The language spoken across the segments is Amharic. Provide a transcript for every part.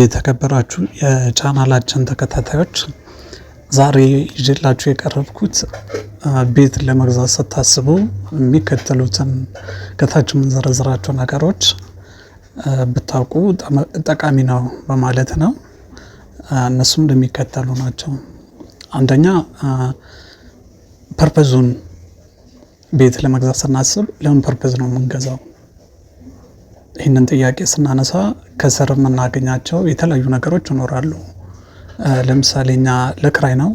የተከበራችሁ የቻናላችን ተከታታዮች ዛሬ ይዤላችሁ የቀረብኩት ቤት ለመግዛት ስታስቡ የሚከተሉትን ከታች የምንዘረዝራቸው ነገሮች ብታውቁ ጠቃሚ ነው በማለት ነው። እነሱም እንደሚከተሉ ናቸው። አንደኛ ፐርፐዙን ቤት ለመግዛት ስናስብ ለምን ፐርፐዝ ነው የምንገዛው ይህንን ጥያቄ ስናነሳ ከስር የምናገኛቸው የተለያዩ ነገሮች ይኖራሉ። ለምሳሌ እኛ ለክራይ ነው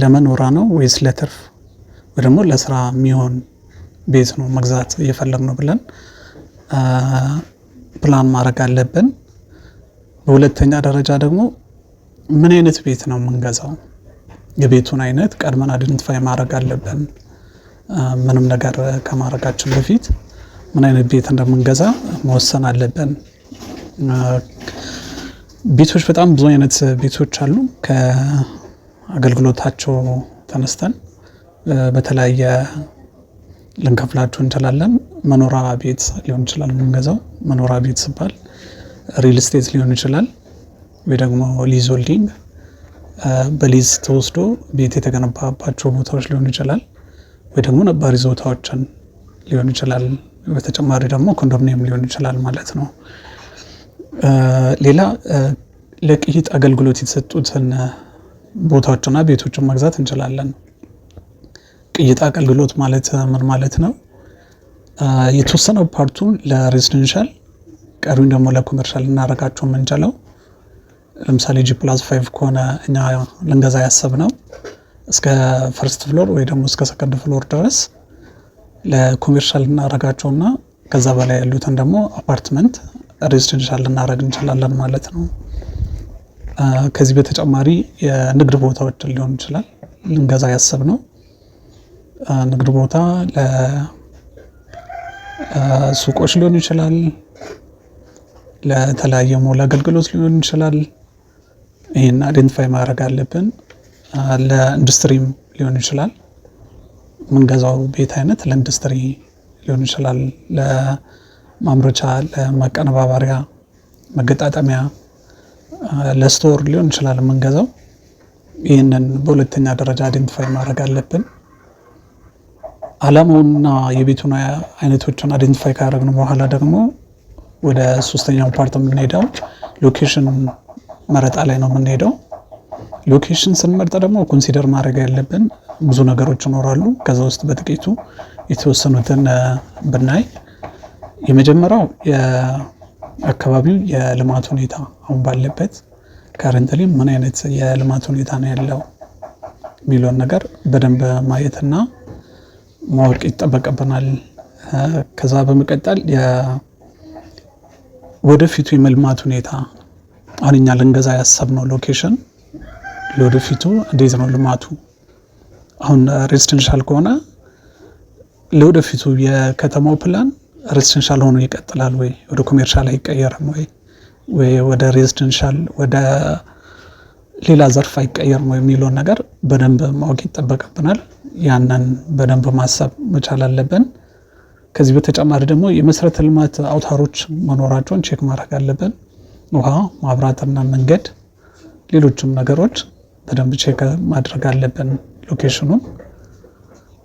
ለመኖራ ነው ወይስ ለትርፍ ወይ ደግሞ ለስራ የሚሆን ቤት ነው መግዛት እየፈለግ ነው ብለን ፕላን ማድረግ አለብን። በሁለተኛ ደረጃ ደግሞ ምን አይነት ቤት ነው የምንገዛው? የቤቱን አይነት ቀድመን አይደንቲፋይ ማድረግ አለብን፣ ምንም ነገር ከማድረጋችን በፊት ምን አይነት ቤት እንደምንገዛ መወሰን አለብን። ቤቶች በጣም ብዙ አይነት ቤቶች አሉ። ከአገልግሎታቸው ተነስተን በተለያየ ልንከፍላቸው እንችላለን። መኖራ ቤት ሊሆን ይችላል የምንገዛው። መኖራ ቤት ሲባል ሪል ስቴት ሊሆን ይችላል ወይ ደግሞ ሊዝ ሆልዲንግ በሊዝ ተወስዶ ቤት የተገነባባቸው ቦታዎች ሊሆን ይችላል ወይ ደግሞ ነባር ይዞታዎችን ሊሆን ይችላል። በተጨማሪ ደግሞ ኮንዶሚኒየም ሊሆን ይችላል ማለት ነው። ሌላ ለቅይጥ አገልግሎት የተሰጡትን ቦታዎችና ቤቶችን መግዛት እንችላለን። ቅይጥ አገልግሎት ማለት ምን ማለት ነው? የተወሰነው ፓርቱን ለሬዚደንሻል ቀሪውን ደግሞ ለኮመርሻል ልናረጋቸው የምንችለው ለምሳሌ ጂ ፕላስ ፋይቭ ከሆነ እኛ ልንገዛ ያሰብነው እስከ ፈርስት ፍሎር ወይ ደግሞ እስከ ሰከንድ ፍሎር ድረስ ለኮሜርሻል እናደርጋቸውና ከዛ በላይ ያሉትን ደግሞ አፓርትመንት ሬዚደንሻል ልናረግ እንችላለን ማለት ነው። ከዚህ በተጨማሪ የንግድ ቦታዎችን ሊሆን ይችላል ልንገዛ ያስብ ነው። ንግድ ቦታ ለሱቆች ሊሆን ይችላል፣ ለተለያየ ሞል አገልግሎት ሊሆን ይችላል። ይህን አይደንቲፋይ ማድረግ አለብን። ለኢንዱስትሪም ሊሆን ይችላል። የምንገዛው ቤት አይነት ለኢንዱስትሪ ሊሆን ይችላል፣ ለማምረቻ፣ ለማቀነባበሪያ፣ መገጣጠሚያ፣ ለስቶር ሊሆን ይችላል የምንገዛው። ይህንን በሁለተኛ ደረጃ አይደንቲፋይ ማድረግ አለብን። አላማውንና የቤቱን አይነቶችን አይደንቲፋይ ካደረግን በኋላ ደግሞ ወደ ሶስተኛው ፓርት የምንሄደው ሎኬሽን መረጣ ላይ ነው የምንሄደው። ሎኬሽን ስንመርጥ ደግሞ ኮንሲደር ማድረግ ያለብን ብዙ ነገሮች ይኖራሉ። ከዛ ውስጥ በጥቂቱ የተወሰኑትን ብናይ የመጀመሪያው የአካባቢው የልማት ሁኔታ አሁን ባለበት ከረንትሊ ምን አይነት የልማት ሁኔታ ነው ያለው የሚለውን ነገር በደንብ ማየትና ማወቅ ይጠበቅብናል። ከዛ በመቀጠል ወደፊቱ የመልማት ሁኔታ አሁን እኛ ልንገዛ ያሰብነው ሎኬሽን ለወደፊቱ እንዴት ነው ልማቱ አሁን ሬዚደንሻል ከሆነ ለወደፊቱ የከተማው ፕላን ሬዚደንሻል ሆኖ ይቀጥላል ወይ? ወደ ኮሜርሻል አይቀየርም ወይ? ወይ ወደ ሬዚደንሻል ወደ ሌላ ዘርፍ አይቀየርም ወይ የሚለውን ነገር በደንብ ማወቅ ይጠበቅብናል። ያንን በደንብ ማሰብ መቻል አለብን። ከዚህ በተጨማሪ ደግሞ የመሰረተ ልማት አውታሮች መኖራቸውን ቼክ ማድረግ አለብን። ውሃ፣ መብራትና መንገድ፣ ሌሎችም ነገሮች በደንብ ቼክ ማድረግ አለብን። ሎኬሽኑን።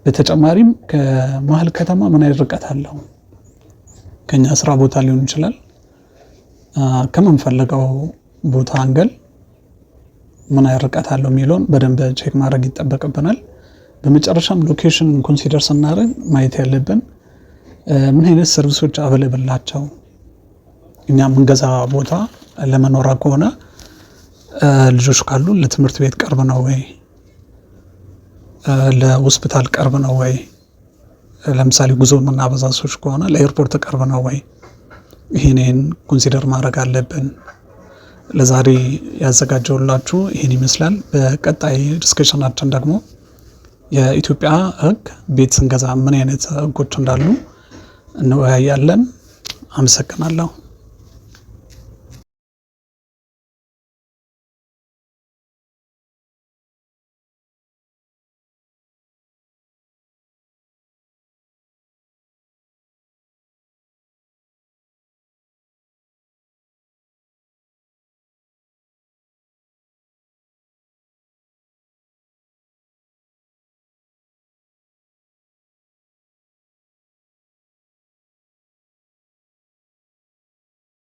በተጨማሪም ከመሀል ከተማ ምን ያህል ርቀት አለው? ከኛ ስራ ቦታ ሊሆን ይችላል። ከምንፈልገው ቦታ አንገል ምን ያህል ርቀት አለው የሚለውን በደንብ ቼክ ማድረግ ይጠበቅብናል። በመጨረሻም ሎኬሽን ኮንሲደር ስናደርግ ማየት ያለብን ምን አይነት ሰርቪሶች አቬለብል ናቸው። እኛ የምንገዛ ቦታ ለመኖራ ከሆነ ልጆች ካሉ ለትምህርት ቤት ቅርብ ነው ወይ ለሆስፒታል ቅርብ ነው ወይ? ለምሳሌ ጉዞ የምናበዛ ሰዎች ከሆነ ለኤርፖርት ቅርብ ነው ወይ? ይህንን ኮንሲደር ማድረግ አለብን። ለዛሬ ያዘጋጀውላችሁ ይህን ይመስላል። በቀጣይ ዲስከሽናችን ደግሞ የኢትዮጵያ ሕግ ቤት ስንገዛ ምን አይነት ሕጎች እንዳሉ እንወያያለን። አመሰግናለሁ።